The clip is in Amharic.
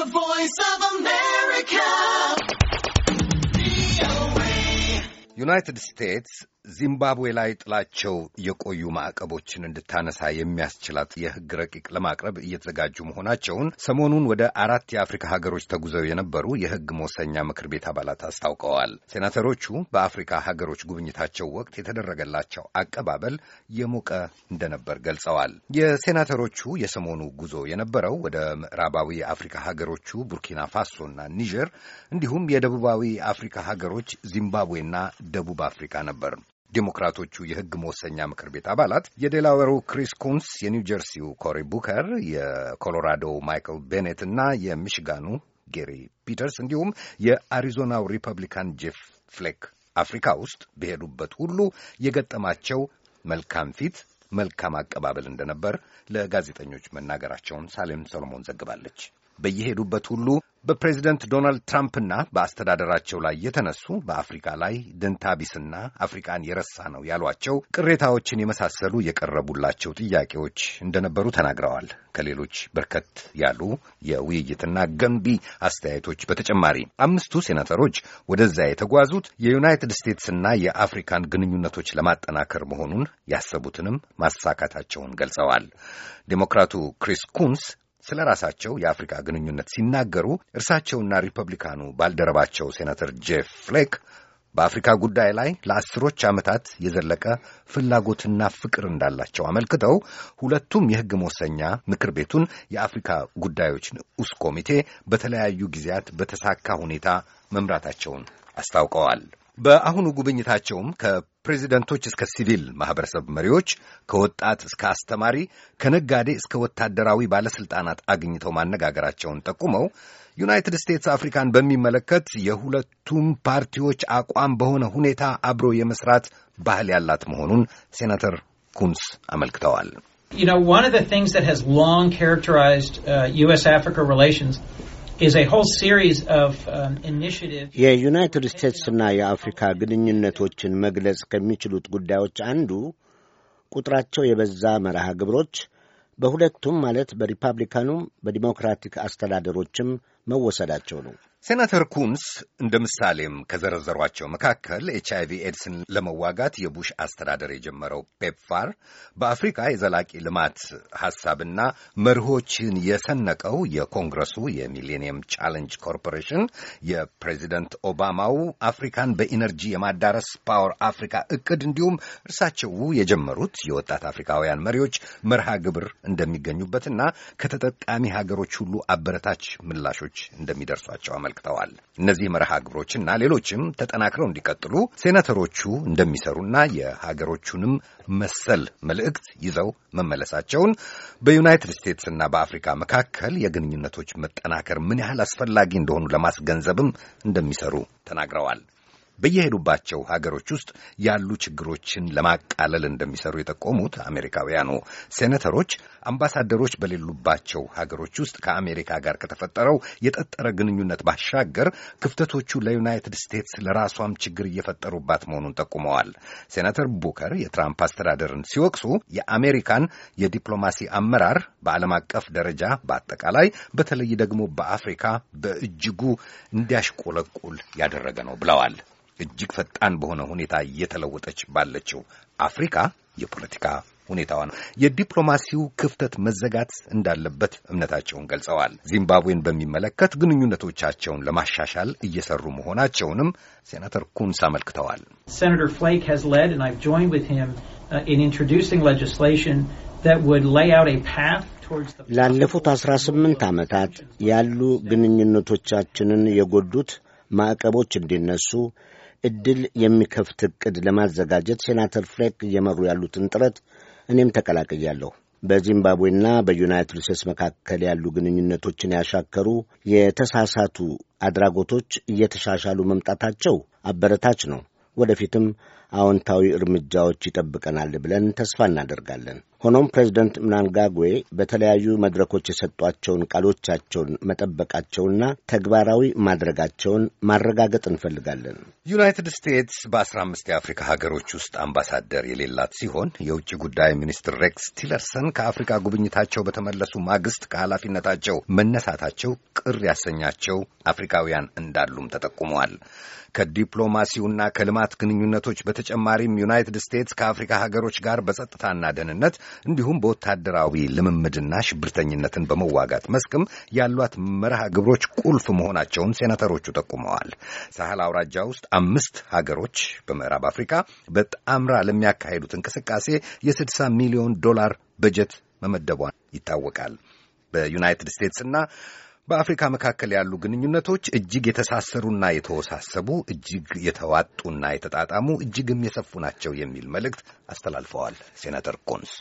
The Voice of America. United States. ዚምባብዌ ላይ ጥላቸው የቆዩ ማዕቀቦችን እንድታነሳ የሚያስችላት የሕግ ረቂቅ ለማቅረብ እየተዘጋጁ መሆናቸውን ሰሞኑን ወደ አራት የአፍሪካ ሀገሮች ተጉዘው የነበሩ የሕግ መወሰኛ ምክር ቤት አባላት አስታውቀዋል። ሴናተሮቹ በአፍሪካ ሀገሮች ጉብኝታቸው ወቅት የተደረገላቸው አቀባበል የሞቀ እንደነበር ገልጸዋል። የሴናተሮቹ የሰሞኑ ጉዞ የነበረው ወደ ምዕራባዊ አፍሪካ ሀገሮቹ ቡርኪና ፋሶና ኒጀር እንዲሁም የደቡባዊ አፍሪካ ሀገሮች ዚምባብዌና ደቡብ አፍሪካ ነበር። ዴሞክራቶቹ የሕግ መወሰኛ ምክር ቤት አባላት የዴላዌሩ ክሪስ ኩንስ፣ የኒው ጀርሲው ኮሪ ቡከር፣ የኮሎራዶው ማይክል ቤኔት እና የሚሽጋኑ ጌሪ ፒተርስ እንዲሁም የአሪዞናው ሪፐብሊካን ጄፍ ፍሌክ አፍሪካ ውስጥ በሄዱበት ሁሉ የገጠማቸው መልካም ፊት መልካም አቀባበል እንደነበር ለጋዜጠኞች መናገራቸውን ሳሌም ሰሎሞን ዘግባለች። በየሄዱበት ሁሉ በፕሬዚደንት ዶናልድ ትራምፕና በአስተዳደራቸው ላይ የተነሱ በአፍሪካ ላይ ድንታቢስና አፍሪካን የረሳ ነው ያሏቸው ቅሬታዎችን የመሳሰሉ የቀረቡላቸው ጥያቄዎች እንደነበሩ ተናግረዋል። ከሌሎች በርከት ያሉ የውይይትና ገንቢ አስተያየቶች በተጨማሪ አምስቱ ሴናተሮች ወደዚያ የተጓዙት የዩናይትድ ስቴትስና የአፍሪካን ግንኙነቶች ለማጠናከር መሆኑን ያሰቡትንም ማሳካታቸውን ገልጸዋል። ዴሞክራቱ ክሪስ ኩንስ ስለ ራሳቸው የአፍሪካ ግንኙነት ሲናገሩ እርሳቸውና ሪፐብሊካኑ ባልደረባቸው ሴናተር ጄፍ ፍሌክ በአፍሪካ ጉዳይ ላይ ለአስሮች ዓመታት የዘለቀ ፍላጎትና ፍቅር እንዳላቸው አመልክተው ሁለቱም የሕግ መወሰኛ ምክር ቤቱን የአፍሪካ ጉዳዮች ንዑስ ኮሚቴ በተለያዩ ጊዜያት በተሳካ ሁኔታ መምራታቸውን አስታውቀዋል። በአሁኑ ጉብኝታቸውም ከፕሬዚደንቶች እስከ ሲቪል ማህበረሰብ መሪዎች፣ ከወጣት እስከ አስተማሪ፣ ከነጋዴ እስከ ወታደራዊ ባለስልጣናት አግኝተው ማነጋገራቸውን ጠቁመው ዩናይትድ ስቴትስ አፍሪካን በሚመለከት የሁለቱም ፓርቲዎች አቋም በሆነ ሁኔታ አብሮ የመስራት ባህል ያላት መሆኑን ሴናተር ኩንስ አመልክተዋል። You know, one of the things that has long characterized uh, U.S. Africa relations Um, የዩናይትድ ስቴትስና የአፍሪካ ግንኙነቶችን መግለጽ ከሚችሉት ጉዳዮች አንዱ ቁጥራቸው የበዛ መርሃ ግብሮች በሁለቱም ማለት በሪፐብሊካኑም በዲሞክራቲክ አስተዳደሮችም መወሰዳቸው ነው። ሴናተር ኩንስ እንደ ምሳሌም ከዘረዘሯቸው መካከል ኤች አይቪ ኤድስን ለመዋጋት የቡሽ አስተዳደር የጀመረው ፔፕፋር በአፍሪካ የዘላቂ ልማት ሐሳብና መርሆችን የሰነቀው የኮንግረሱ የሚሌኒየም ቻለንጅ ኮርፖሬሽን የፕሬዚደንት ኦባማው አፍሪካን በኢነርጂ የማዳረስ ፓወር አፍሪካ እቅድ እንዲሁም እርሳቸው የጀመሩት የወጣት አፍሪካውያን መሪዎች መርሃ ግብር እንደሚገኙበትና ከተጠቃሚ ሀገሮች ሁሉ አበረታች ምላሾች እንደሚደርሷቸው አመልክተዋል። እነዚህ መርሃ ግብሮችና ሌሎችም ተጠናክረው እንዲቀጥሉ ሴናተሮቹ እንደሚሰሩና የሀገሮቹንም መሰል መልእክት ይዘው መመለሳቸውን በዩናይትድ ስቴትስና በአፍሪካ መካከል የግንኙነቶች መጠናከር ምን ያህል አስፈላጊ እንደሆኑ ለማስገንዘብም እንደሚሰሩ ተናግረዋል። በየሄዱባቸው ሀገሮች ውስጥ ያሉ ችግሮችን ለማቃለል እንደሚሰሩ የጠቆሙት አሜሪካውያኑ ሴኔተሮች አምባሳደሮች በሌሉባቸው ሀገሮች ውስጥ ከአሜሪካ ጋር ከተፈጠረው የጠጠረ ግንኙነት ባሻገር ክፍተቶቹ ለዩናይትድ ስቴትስ ለራሷም ችግር እየፈጠሩባት መሆኑን ጠቁመዋል። ሴናተር ቡከር የትራምፕ አስተዳደርን ሲወቅሱ የአሜሪካን የዲፕሎማሲ አመራር በዓለም አቀፍ ደረጃ በአጠቃላይ በተለይ ደግሞ በአፍሪካ በእጅጉ እንዲያሽቆለቁል ያደረገ ነው ብለዋል። እጅግ ፈጣን በሆነ ሁኔታ እየተለወጠች ባለችው አፍሪካ የፖለቲካ ሁኔታዋ ነው። የዲፕሎማሲው ክፍተት መዘጋት እንዳለበት እምነታቸውን ገልጸዋል። ዚምባብዌን በሚመለከት ግንኙነቶቻቸውን ለማሻሻል እየሰሩ መሆናቸውንም ሴናተር ኩንስ አመልክተዋል። uh, ላለፉት አስራ ስምንት ዓመታት ያሉ ግንኙነቶቻችንን የጎዱት ማዕቀቦች እንዲነሱ ዕድል የሚከፍት ዕቅድ ለማዘጋጀት ሴናተር ፍሌክ እየመሩ ያሉትን ጥረት እኔም ተቀላቅያለሁ። በዚምባብዌና በዩናይትድ ስቴትስ መካከል ያሉ ግንኙነቶችን ያሻከሩ የተሳሳቱ አድራጎቶች እየተሻሻሉ መምጣታቸው አበረታች ነው። ወደፊትም አዎንታዊ እርምጃዎች ይጠብቀናል ብለን ተስፋ እናደርጋለን። ሆኖም ፕሬዚደንት ምናንጋጉዌ በተለያዩ መድረኮች የሰጧቸውን ቃሎቻቸውን መጠበቃቸውና ተግባራዊ ማድረጋቸውን ማረጋገጥ እንፈልጋለን። ዩናይትድ ስቴትስ በአስራ አምስት የአፍሪካ ሀገሮች ውስጥ አምባሳደር የሌላት ሲሆን የውጭ ጉዳይ ሚኒስትር ሬክስ ቲለርሰን ከአፍሪካ ጉብኝታቸው በተመለሱ ማግስት ከኃላፊነታቸው መነሳታቸው ቅር ያሰኛቸው አፍሪካውያን እንዳሉም ተጠቁመዋል። ከዲፕሎማሲውና ከልማት ግንኙነቶች በተጨማሪም ዩናይትድ ስቴትስ ከአፍሪካ ሀገሮች ጋር በጸጥታና ደህንነት እንዲሁም በወታደራዊ ልምምድና ሽብርተኝነትን በመዋጋት መስክም ያሏት መርሃ ግብሮች ቁልፍ መሆናቸውን ሴናተሮቹ ጠቁመዋል። ሳህል አውራጃ ውስጥ አምስት ሀገሮች በምዕራብ አፍሪካ በጣምራ ለሚያካሄዱት እንቅስቃሴ የ60 ሚሊዮን ዶላር በጀት መመደቧን ይታወቃል። በዩናይትድ ስቴትስና በአፍሪካ መካከል ያሉ ግንኙነቶች እጅግ የተሳሰሩና የተወሳሰቡ፣ እጅግ የተዋጡና የተጣጣሙ፣ እጅግም የሰፉ ናቸው የሚል መልእክት አስተላልፈዋል ሴናተር ኮንስ።